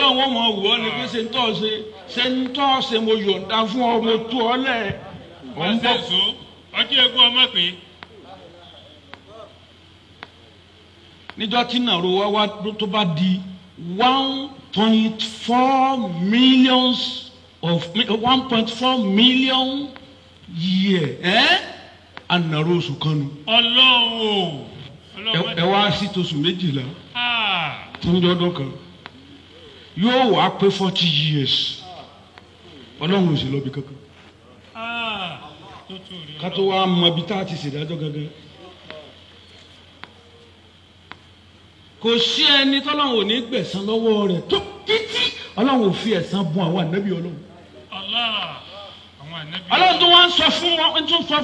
náà wọ́n mọ̀ wọ́ ni pé ṣe ń tọ́ ṣe ṣe ń tọ́ ṣe mo yọ̀ǹda fún ọ mo tú ọ lẹ̀. wọ́n ṣe sọ ọtí ọmọ pé. níjọ́ tí nàró wá wá tó bá di one point four millions of one point four million year ànàró oṣù kan nu. ọlọ́run o. ẹ wá sí tosùn méjìlá ah. tó ń jọ́dún kan yóò wá pé forty years ọlọ́run ò sì lọ bí kankan ká tó wá mọ ibi tá a ti ṣèdájọ́ gangan kò sí ẹni tọ́lọ́run ò ní gbẹ̀san lọ́wọ́ rẹ̀ tó títí ọlọ́run ò fi ẹ̀san bùn àwọn ànábì ọlọ́run ọlọ́run tó wá ń sọ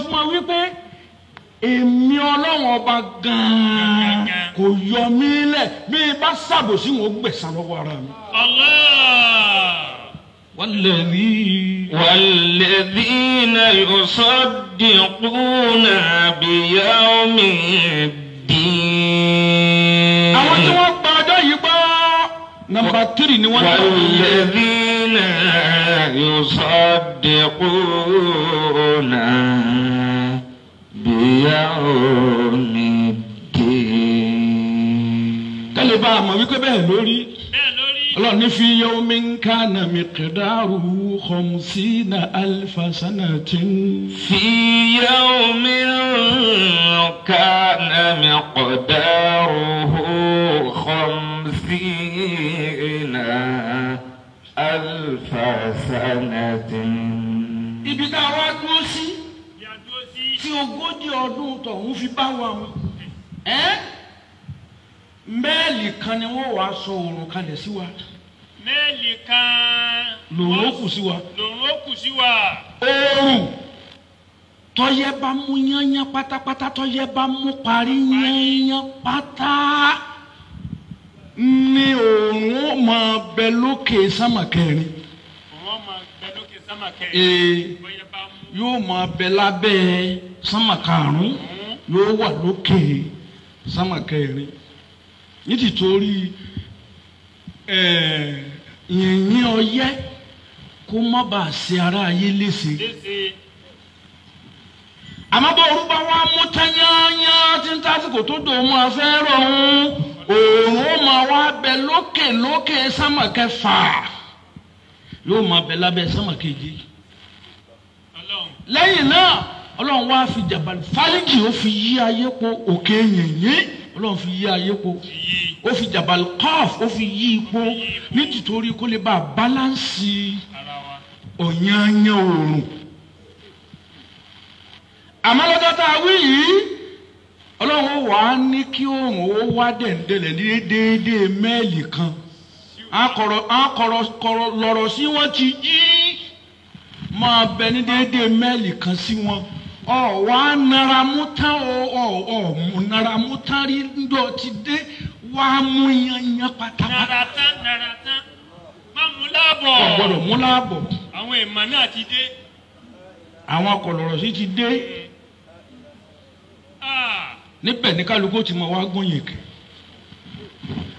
fún wọn wípé èmi ọlọ́run ọba gan-an kò yọ mí lẹ̀ bí bá ṣàbòsí wọn gbẹ̀sà lọ́wọ́ ara mi. والذين يصدقون بيوم الدين àwọn tí wọ́n gba ọjọ́ yìí gbọ́ nọ́mbà tírì ni wọ́n ń lò. والذين يصدقون. بيوم الدين kálí bá a mọ̀ wípé bẹ́ẹ̀ lórí ọlọ́run ní fi yawmi kana miqdaruhu khamsina alfa sanatin. fi yawmi kana miqdaruhu khamsina alfa sanatin. ibi tá wá dúró sí tí ogójì ọdún tọ̀hún fi bá wa mu mẹ́ẹ̀lì kan ni wọ́n wàá sọ òòrùn kalẹ̀ sí wa. mẹ́ẹ̀lì kan. lòun ó kù sí wa. lòun ó kù sí wa. oòrùn tọ́yẹ bá mú yányán pátápátá tọ́yẹ bá mú parí yányán pátá ni òòrùn ó máa bẹ lókè sámà òòrùn ó máa bẹ lókè sámà ee yóò máa bẹ lábẹ́ sánmà karùn-ún yóò wà lókè sánmà kẹrin nítìtorí yìnyín ọyẹ́ kó má bàa ṣe ara ayé léṣe àmọ́ bó orú bá wá mú tányányá tí ń tásìkò tó dò mọ́ a fẹ́ rọ̀ ń òòrùn ó máa wá bẹ lókè lókè sánmà kẹfà yóò máa bẹ lábẹ́ sánmà keje lẹ́yìn náà ọlọ́run wá fi jàbàlì fálíjì ó fi yí ayé po òkè yìnyín ọlọ́run fi yí ayé po ó fi jàbàlì kọ́ọ̀f ó fi yí ipò nítorí kó lè bá a báláǹsì ọ̀yányán oòrùn àmọ́ lọ́jọ́ tá a wí yìí ọlọ́run wà á ní kí oòrùn ó wá dẹ̀ǹdẹ̀lẹ̀ ní déédéé mẹ́ẹ̀lì kan á kọ̀rọ̀ lọ́rọ̀ sí wọ́n ti yí máa bẹ ní déédéé mẹ́ẹ̀lì kan sí wọn ọ̀wá nara mú tán ọ̀ọ̀mù nara mú rí ńdọ̀ ti dé wá mú yanyan pátápátá. nara tán nara tán má mú láàbọ̀. ọ̀gbọ́dọ̀ mú láàbọ̀. àwọn ìmọ̀ náà ti dé. àwọn kọ̀lọ̀rọ̀ sí ti dé. Hmm. Ah. níbẹ̀ ní kálukú ti mọ wá gún yèké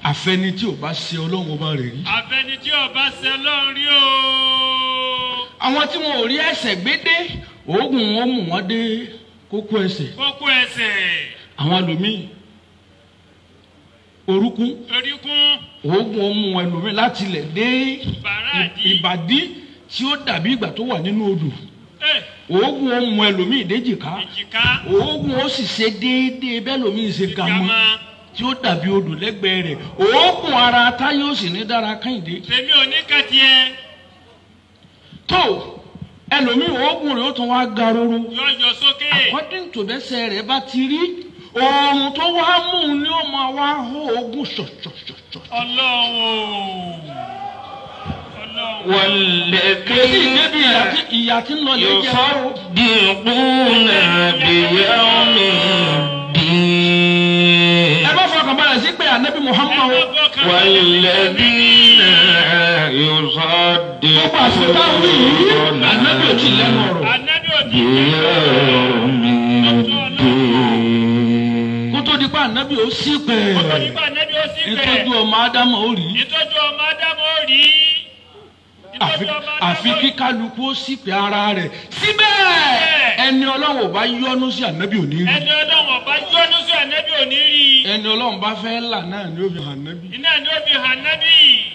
àfẹni tí ò bá ṣe ọlọ́run ọba rẹ̀ rí. àfẹni tí ò bá ṣe ọlọ́run rí o àwọn tí wọn ò rí ẹsẹ̀ gbé dé oògùn wọn mú wọn dé kókó ẹsẹ̀. kókó ẹsẹ̀. àwọn ẹlòmíì orúkún. orúkún. oògùn wọn mú ẹlòmíì láti ilẹ̀ dé ìbàdí tí ó dàbí ìgbà tó wà nínú odò oògùn eh. ó mú ẹlòmíì déjìká oògùn ó sì ṣe déédéé bẹ́ẹ̀ lòmíì ṣe ga mọ́ tí ó dàbí odò lẹ́gbẹ̀ẹ́ rẹ̀ oògùn ara táyé ó sì ní dára kẹ́hìndé. tèmi ò ní kàtí ẹ tó ẹlòmíì oògùn ó tún wá garoro. yọjọ according to bẹ́sẹ̀ rẹ̀ bá ti rí oòrùn tó wá mú un ni ó máa wá hó oògùn ṣọ̀ṣọ̀ṣọ̀ṣọ̀. ọlọ́run ìyá tí ń lọ lè jẹ́ o. yóò fọ́ bí kúnlẹ̀ bìyẹ́ omi bíi máa bẹ̀rẹ̀ sí pé ànábì Muhammad. walladhina yusaddiquna. gbogbo àṣẹ táwọn wí yìí ànábì ò ti lẹ́nu ọ̀rọ̀. ànábì ò ti lẹ́nu ọ̀rọ̀ nípa ànábì ó sì pè ìtọ́jú ọmọ ádámọ̀ ó rí. àfi kí kálukú ó sì pè ara rẹ̀ síbẹ̀ ẹni ọlọ́run bá yọ́nú sí ànábì ò rí. ẹni ọlọ́run bá yọ́nú ànábì ò ní rí i. ẹni ọlọ́run bá fẹ́ là náà ni ó fi hàn nábì. iná ni ó fi hàn nábì.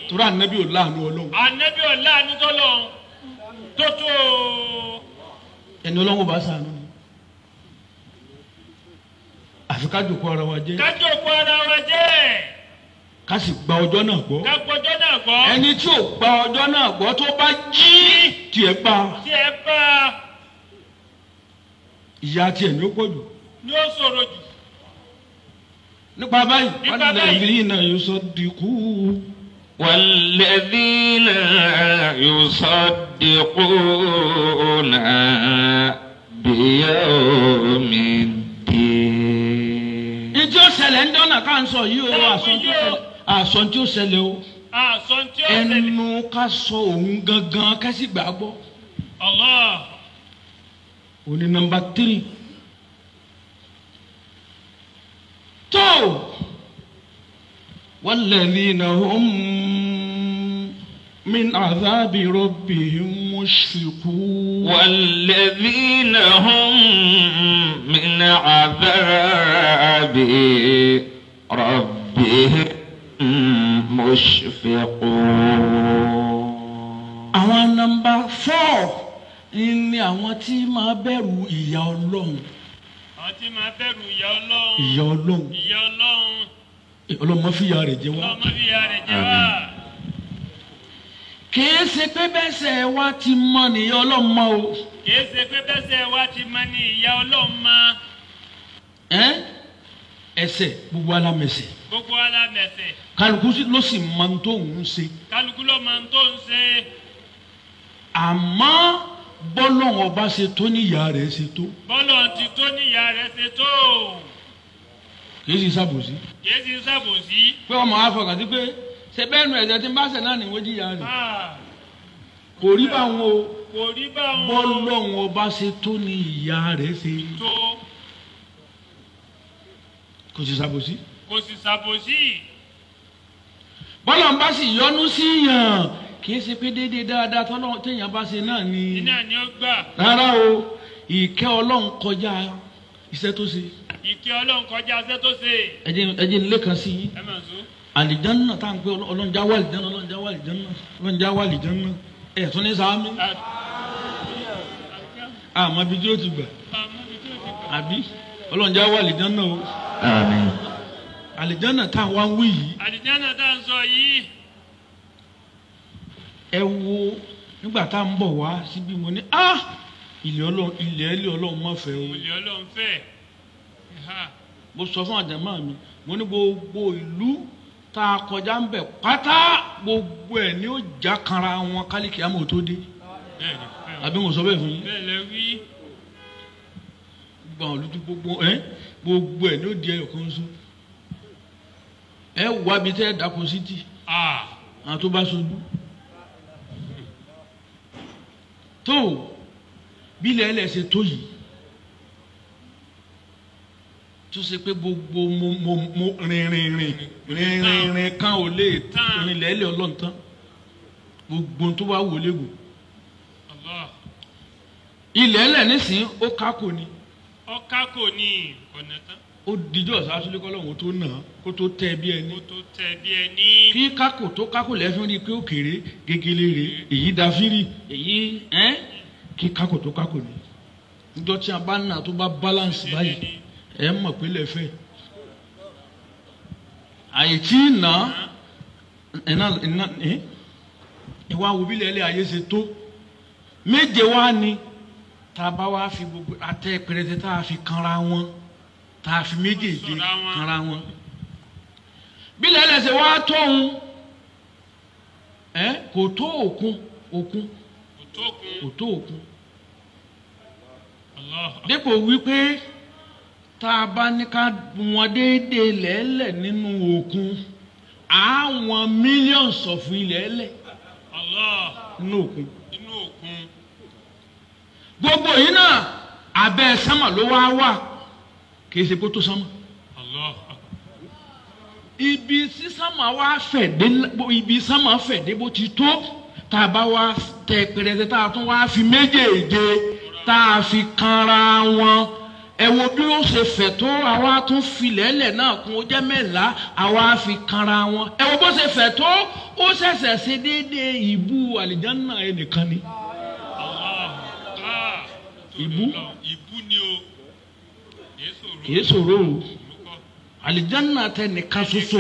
torí ànábì ò láàánú ọlọ́run. ànábì ò láàánú tọ́lọ́run tó tó. ẹni ọlọ́run bá sànú ni. àfi ká jòkó ara wa jẹ́. ká jòkó ara wa jẹ́. ká sì gba ọjọ́ náà gbọ́. ká gba ọjọ́ náà gbọ́. ẹni tí ò gba ọjọ́ náà gbọ́ tó bá jí tiẹ̀ pa. tiẹ̀ pa. ìyá tiẹ̀ ni ó pọ̀ jù. ni ó ṣòro jù nípa báyìí. nípa báyìí. walladhina yusaddiqu. walladhina yusaddiquna biyawmiddin. ìjọ ṣẹlẹ̀ ń dọ́nà ká ń sọ yìí o àsọ̀n tí ó ṣẹlẹ̀ o. àsọ̀n tí ó ṣẹlẹ̀. ẹnu ká sọ òun gangan kásìgbà gbọ́. Allah. oní nọ́mbà tírì. to والذين هم من عذاب ربهم مشفقون والذين هم من عذاب ربهم مشفقون àwọn nọ́mbà four ni àwọn tí máa bẹ̀rù ìyà ọlọ́run àwọn tí máa bẹ̀rù ìyà ọlọ́run. ìyà ọlọ́run. ìyà ọlọ́run. ọlọ́run má fìyà rẹ̀ jẹ wá. ọlọ́run má fìyà rẹ̀ jẹ wá. kìí ṣe pé bẹ́sẹ̀ wa ti mọ nìyà ọlọ́run mọ o. kìí ṣe pé bẹ́sẹ̀ wa ti mọ ní ìyà ọlọ́run mọ. ẹ ẹ̀ṣẹ̀ gbogbo alámẹ̀ṣẹ̀. gbogbo alámẹ̀ṣẹ̀. kálukú ló sì máa ń tó òun ṣe. kálukú ló máa ń tó òun ṣe. àmọ́ bọ́lọ́hún ọba ṣe tó níyà rẹ̀ ṣe tó. bọ́lọ́hún ti tó níyà rẹ̀ ṣe tó. kìí sì ṣàbòsí. kìí sì ṣàbòsí. pé ọmọ afọkàn sí pé ṣe bẹ́ẹ̀ nu ẹ̀jẹ̀ tí ń bá ṣẹ̀ náà níwọ̀n jìyà rẹ̀. Ah. kò rí báwọn o. kò rí báwọn o. bọ́lọ́hún ọba ṣe tó níyà rẹ̀ ṣe tó. kò sì ṣàbòsí. kò sì ṣàbòsí. bọ́lọ́hún bá sì yọnu síyàn kì í ṣe pé déédéé dáadáa tọ́lọ́run téèyàn bá ṣe náà ni. iná ni ó gbà. rárá o ìkẹ́ ọlọ́run kọjá iṣẹ́ tó ṣe. ìkẹ́ ọlọ́run kọjá iṣẹ́ tó ṣe. ẹjẹ ẹjẹ nílé kan sí i. ẹ máa sùn. àlìjánná tá à ń pè ọlọ́run já wà àlìjánná ọlọ́run já wà àlìjánná ọlọ́run já wà àlìjánná ẹ̀ tún ní sàámi. àmọ́ ibi tí ó ti gbà. àbí ọlọ́run já wà àlìjánná o. àmín. àlìjánná tá à ń wá wí yìí. àlìjánná tá à ń sọ yìí ẹ wo nígbà tá à ń bọ̀ wá síbí mo ní á ah! ilé ọlọ́run ilé ilé ọlọ́run má fẹ́ o. ilé ọlọ́run fẹ́ mo sọ fún àjàmá mi mo ní gbogbo ìlú tá a kọjá ń bẹ̀ pátá gbogbo ẹ̀ ni ó já kanra wọn kálíkì àmọ́ tó dé àbí mo sọ bẹ́ẹ̀ fún yín. bẹ́ẹ̀ lẹ wí. gbọ̀n olùdí gbogbo ẹ̀ gbogbo ẹ̀ ni ó di ẹyọ̀kan sọ ẹ wá bi tẹ́ ẹ dákun sí ti àwọn tó bá ṣubú tó bí lẹ́lẹ̀ ṣe tó yìí tó ṣe pé gbogbo mo mo mo rìnrìn rìn rìnrìn kan ò lè rìn lẹ́lẹ̀ ọlọ́run tán gbogbo tó wá wò léwu ilẹ̀ ẹlẹ̀ nísìnyí ó kákò ni. ó kákò ni ọ̀nà tán ó dijọ́ sásúlẹ̀ kọ́lọ́hún tó nà kó tó tẹ bí ẹni. kó tó tẹ bí ẹni. kí kákò tó kákò lẹ́fín rí pé ó kéré gegele rè èyí da fírì èyí ẹ́n kí kákò tó kákò ni. níjọ́ tí a bá nà tó bá balance báyìí ẹ̀ mọ̀ pé lẹ́fẹ̀. àyètí nà ẹ̀ náà ẹ̀ náà ẹ̀ ìwà wòbílẹ̀ ẹlẹ́ ayé ṣe tó méje wá ni tá a bá wá fi gbogbo atẹ́ pẹrẹsẹ tá a fi kanra wọn tààfi méjèèjì kanra wọn bí lẹ́lẹ́sẹ̀ wá tóun ẹ kò tó òkun òkun kò tó òkun dípò wípé tá a bá ní ká wọn déédéé lẹ́lẹ̀ nínú òkun àwọn millions of ilẹ̀ẹ́lẹ̀ nínú òkun gbogbo yìí náà abẹ́ sẹ́mà ló wá wà kì í ṣe kó tó sánmà. ibi sísánmà wa fẹ̀ dé ibi sánmà fẹ̀ dé bó ti tó tá a bá wa tẹ pẹrẹsẹ tá a tún wá fi méjèèje tá a fi kanra wọn ẹ wo bí ó ṣe fẹ̀ tó àwa tún filẹ̀lẹ̀ náà kún ó jẹ́ mẹ́la àwa fi kanra wọn ẹ wo bó ṣe fẹ̀ tó ó ṣẹ̀ṣẹ̀ ṣe déédéé ìbú àlìjánná ẹnìkan ni. ìbú ìbú ni o kìí sọ̀rọ̀ o àlìjáná tẹ nìkan ṣoṣo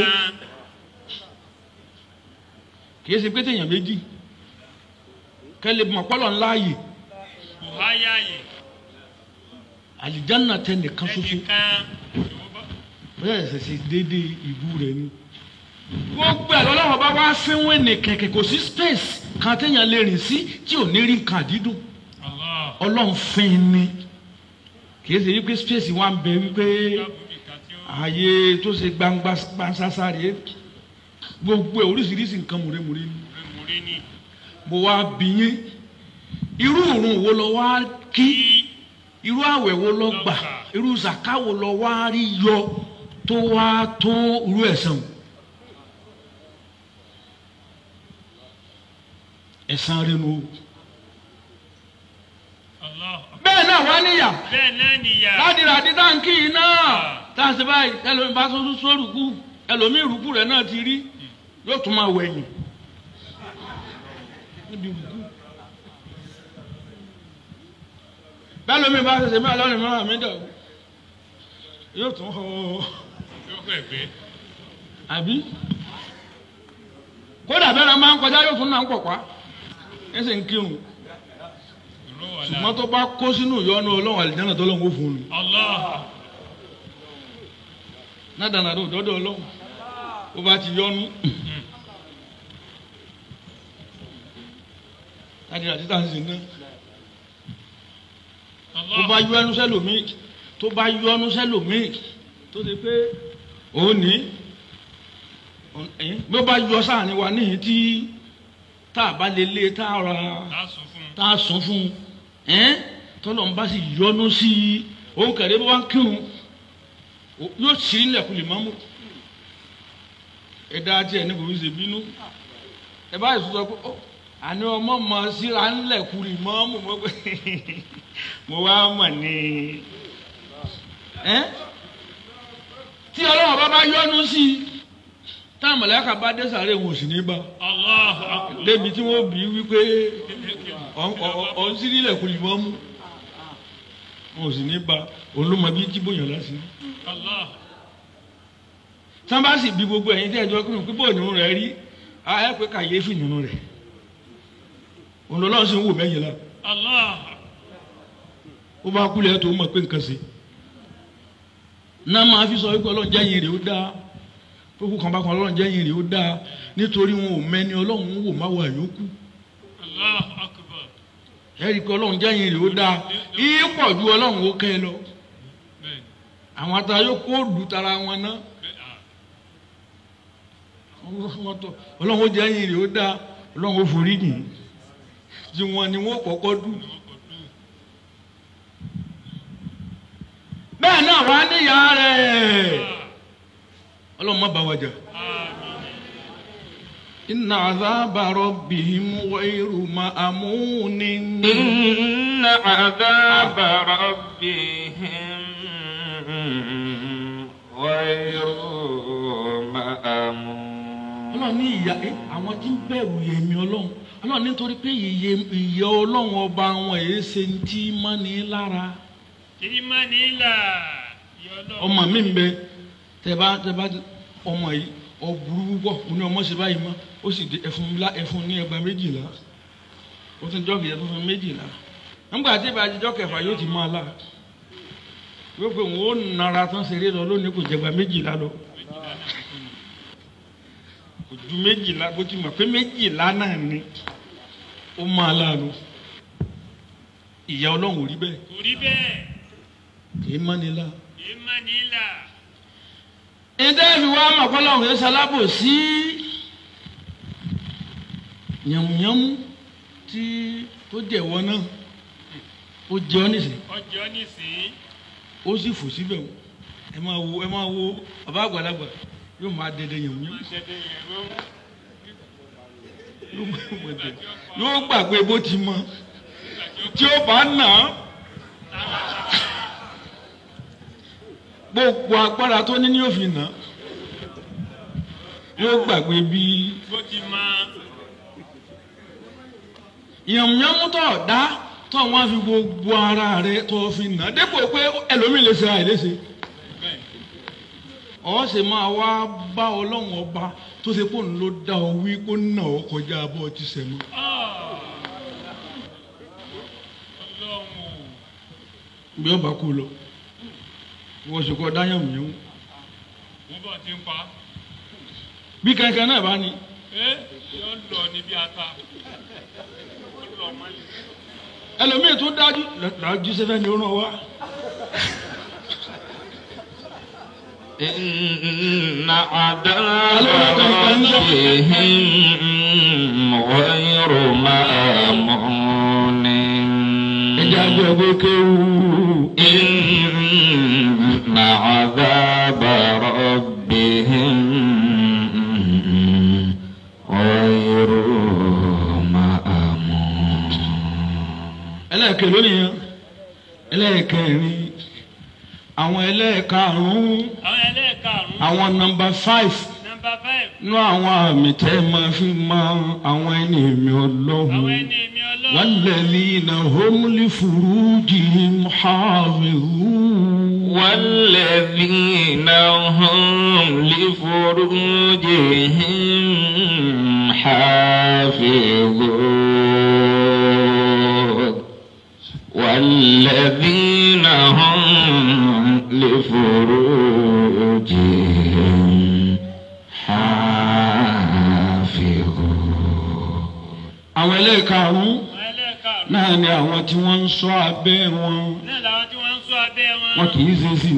kìí ṣe pété èèyàn méjì kẹlẹ mọ̀pọ́lọ̀ ńlá yìí àlìjáná tẹ nìkan ṣoṣo bẹ́ẹ̀ ṣẹ̀ṣẹ̀ déédéé ìbú rẹ̀ ni gbogbo ẹ̀ lọ́lọ́wọ́ bá wá fínwé ní kẹ̀kẹ́ kò sí space kan téèyàn lè rìn sí tí ò ní rí nǹkan àdídùn ọlọ́run fín ni kìí ṣe wípé space wa ń bẹ wípé ààyè tó ṣe gbangba gbansasa rèé gbogbo ẹ̀ oríṣiríṣi nǹkan mùremùre ni mo wá bí yín irú òrùn wo lọ wá kí irú àwẹ̀ wo lọ gbà irú zaka wo lọ wá rí yọ tó wá tó irú ẹ̀san ẹ̀san rẹ̀ mo bẹ́ẹ̀ náà wá níyà. bẹ́ẹ̀ náà níyà. láti rà dí táǹkì iná. táǹsì báyìí ẹlòmíì bá sọ́sọ́ sórùkú ẹlòmíì rùkú rẹ̀ náà ti rí yóò tún máa wẹ̀yìn. níbi rùkú. bẹ́ẹ̀ lómi bá ṣẹṣẹ bá lọ́rùn mọ́ra mi dẹ̀ yóò tún họ. yóò fẹ́ gbé. àbí kódà bẹ́ẹ̀ náà máa ń kọjá yóò tún náà ń pọ̀ pa ẹsẹ̀ kírun ṣùgbọ́n tó bá kó sínú ìyọnu ọlọ́run àlìjáná tó lọ́wọ́ fún mi. nádàládò dọ́dọ̀ ọlọ́run ó bá ti yọnu. adìrẹ àti tàǹsì náà tó bá yọnu sẹ́lòmíì tó bá yọnu sẹ́lòmíì tó ṣe pé òun ní bí ó bá yọ sáà ni wà níyì tí tá a bá lè lé tá a rà tá a sùn fún un tọ́lọ́n bá sì yọnu sí i òun kẹ̀lé bó bá ń kírun yóò ṣí ilẹ̀kùn lè máa mú ẹ̀dá àti ẹ̀ ní kò ní ṣe bínú ẹ bá yẹ sọ pé ó àní ọmọ mọ síra ńlẹ̀kùn lè máa mú mọ́ pé mo tí ọlọ́run bá bá yọnu sí tá màláíkà bá dé sàárè wọn ò sì ní bá débi tí wọ́n bí wípé ọ̀n sí nílẹ̀ kò lè mọ́ mú wọn ò sì ní bá olùmọ̀bí jíbòyàn láti rí tán bá sì bí gbogbo ẹ̀yin tí ẹ̀jọ́ kúrò pípọ̀ nínú rẹ̀ rí ẹ pé kàyéfì nínú rẹ̀ òun lọ́lọ́run sì ń wò mẹ́yìn la ó bá kú lẹ́yìn tó mọ̀ pé nǹkan ṣe náà máa fi sọ wípé ọlọ́run jẹ́yìn rẹ̀ ó dáa kókó kan bá kan ọlọ́run jẹ́ yìnrìn ó dáa nítorí wọn ò mẹ́ni ọlọ́run wò má wà yókù. ẹ rí i pé ọlọ́run jẹ́ yìnrìn ó dáa iye pọ̀ ju ọlọ́run ó kẹ́ ẹ lọ. àwọn atayó kó dùn tara wọn ná. ọlọ́run ó jẹ́ yìnrìn ó dáa ọlọ́run ó forí nìyí tí wọn ni wọn kọ́kọ́ dùn. bẹ́ẹ̀ náà wàá níyàá rẹ̀ ọlọ́run má bá wa jà. إن عذاب ربهم غير مأمون إن عذاب ربهم غير مأمون ọlọ́run ní ìyá ẹ àwọn tí ń bẹ̀rù yẹ̀mí ọlọ́run ọlọ́run nítorí pé ìyẹ ìyẹ ọlọ́run ọba àwọn èyí ṣe ń tí mọ́ ní lára. tí mọ́ ní là. ọmọ mi ń bẹ tẹ bá tẹ bá ọmọ yìí ọ burú púpọ̀ mo ní ọmọ ṣe báyìí mọ́ ó sì dé ẹfun ńlá ẹfun ní ẹgbàá méjìlá ó tún jọ́ọ̀kì yẹn tó fún méjìlá nígbà tí ìbá jíjọ́ kẹfà yóò ti máa la yóò pé òun ó nara tán ṣeré lọ lónìí kò jẹgbàá méjìlá lọ kò ju méjìlá bó ti mọ̀ pé méjìlá náà ni ó máa la lọ ìyá ọlọ́run ò bẹ́ẹ̀. kò bẹ́ẹ̀. kì í mánilá. kì í mánilá. ẹ̀dá mọ̀ kọ́lọ́hún yẹn ṣalábò sí yàmùyàmù tí tó jẹ́ wọ́n náà ó jẹ́ ọ́ nìsín. ó jẹ́ ọ́ nìsín. ó sì fò síbẹ̀ o ẹ máa wo ẹ máa wo bàbá àgbàlagbà yóò máa dẹdẹ yàmùyàmù. yóò gbàgbé bó ti mọ tí ó bá nà á gbogbo agbára tó ní ní òfin náà yóò gbàgbé bí. bó ti máa. yànmùyánmú tó dá tó wọn fi gbogbo ara rẹ tó fi nà dépò pé ẹlòmíì lè ṣe àìlèṣe ọ ṣe máa wá bá ọlọ́run ọba tó ṣe pò ń ló dá ọ wí kó nà ọ kọjá bọ́ ọ ti sẹ́nu. bí ọba kú lọ wọ́n ṣe kọ́ dáyàmù yẹn. wọ́n bọ̀ ti ń pa á bí kankan náà bá ní. ẹ yọ lọ níbi ata ó lọ mọ́lẹ̀. ẹlòmíì tó dájú dájú sẹ́fẹ́ ni ó ràn wá. إن عذاب ربهم غير مأمون. إن ẹlẹ́ẹ̀kẹ́ lónìí yẹn ẹlẹ́ẹ̀kẹrin àwọn ẹlẹ́ẹ̀karùn-ún àwọn nọ́mbà five nú àwọn àmì tẹ́ ẹ máa fi mọ àwọn ẹni mi ọlọ́hun walladhina hum li furujihim hafizun. walladhina hum li furujihim hafizun. والذين هم لفروجهم حافظون àwọn ẹlẹ́ẹ̀karùn-ún náà ni àwọn tí wọ́n wọn kì í ṣe sí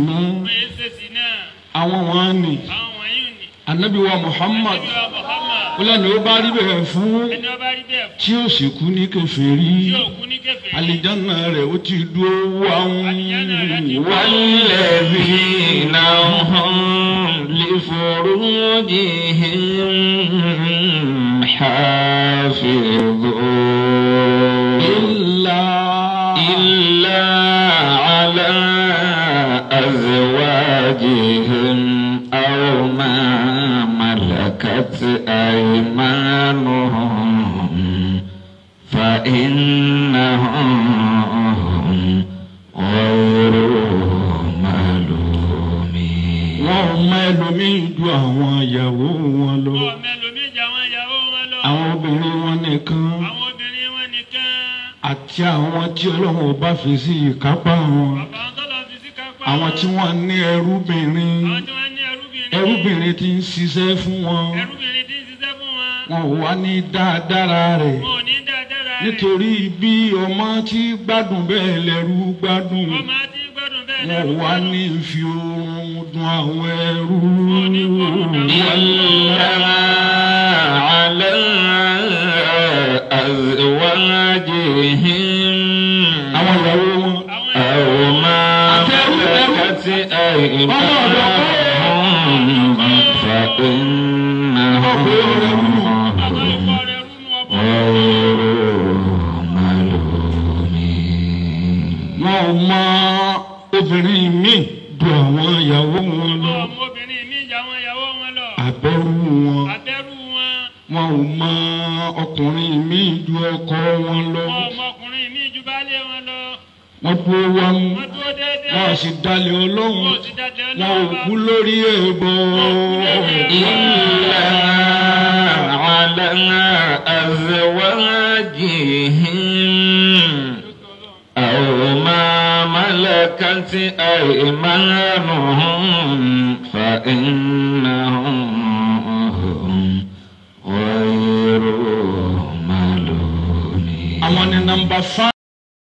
náà àwọn wọn ni anabiwa Muhammad. Anabiwa Muhammad ó lẹ́nu ó bá rí bẹ́ẹ̀ fún tí ó sì kú ní kèfèrí àlìjáná rẹ̀ ó ti dúró wáhùn. wálé bí náà hàn lè fòrò jìhìn hàfìrò. ilà ilà àlà àzẹ̀wájìhìn. ملكت أيمانهم فإنهم غير ملومين wọ́n mọ ẹlòmíín ju àwọn ìyàwó wọn lọ. wọ́n mọ ẹlòmíín ju àwọn ìyàwó wọn lọ. àwọn obìnrin wọn nìkan. àwọn obìnrin wọn nìkan. àti àwọn tí ọlọ́run ò bá fi sí ìkápá wọn. àbáwọn àwọn tí wọ́n ní ẹrúbìnrin. àwọn ẹrúbìnrin ti ń ṣiṣẹ́ fún wọn. ẹrúbìnrin ti ń ṣiṣẹ́ fún wọn. wọn ò wá ní dáadára rẹ̀. wọn ò ní dáadára rẹ̀. nítorí bí ọmọ ti gbádùn bẹ́ẹ̀ lẹ́rú gbádùn. ọmọ ti gbádùn bẹ́ẹ̀ lẹ́rú gbádùn. wọn ò wá ní fi oorun dun àwọn ẹrú. wọn ò ní fi oorun dun àwọn ẹrú. àwọn ìyàwó àwọn ìyàwó wọn. àtẹrù ọmọ ọ̀dọ́. wọn. Àbẹ́rù wọn. Wọn ò mọ ọkùnrin míì ju ọkọ wọn lọ. Wọn ò mọ ọkùnrin míì ju baálé wọn lọ. Wọ́n dúró wa mú. Wọ́n dúró déédéé. Wọ́n sì dalẹ̀ Ọlọ́run. Wọ́n sì dalẹ̀ Ọlọ́run. Wọn ò kú lórí ẹbọ. Ìlà àlàlà àzẹ̀wájìhìn. Àwọn máa málẹ̀ká sí àìmáàmù. فإنهم I'm on the number five.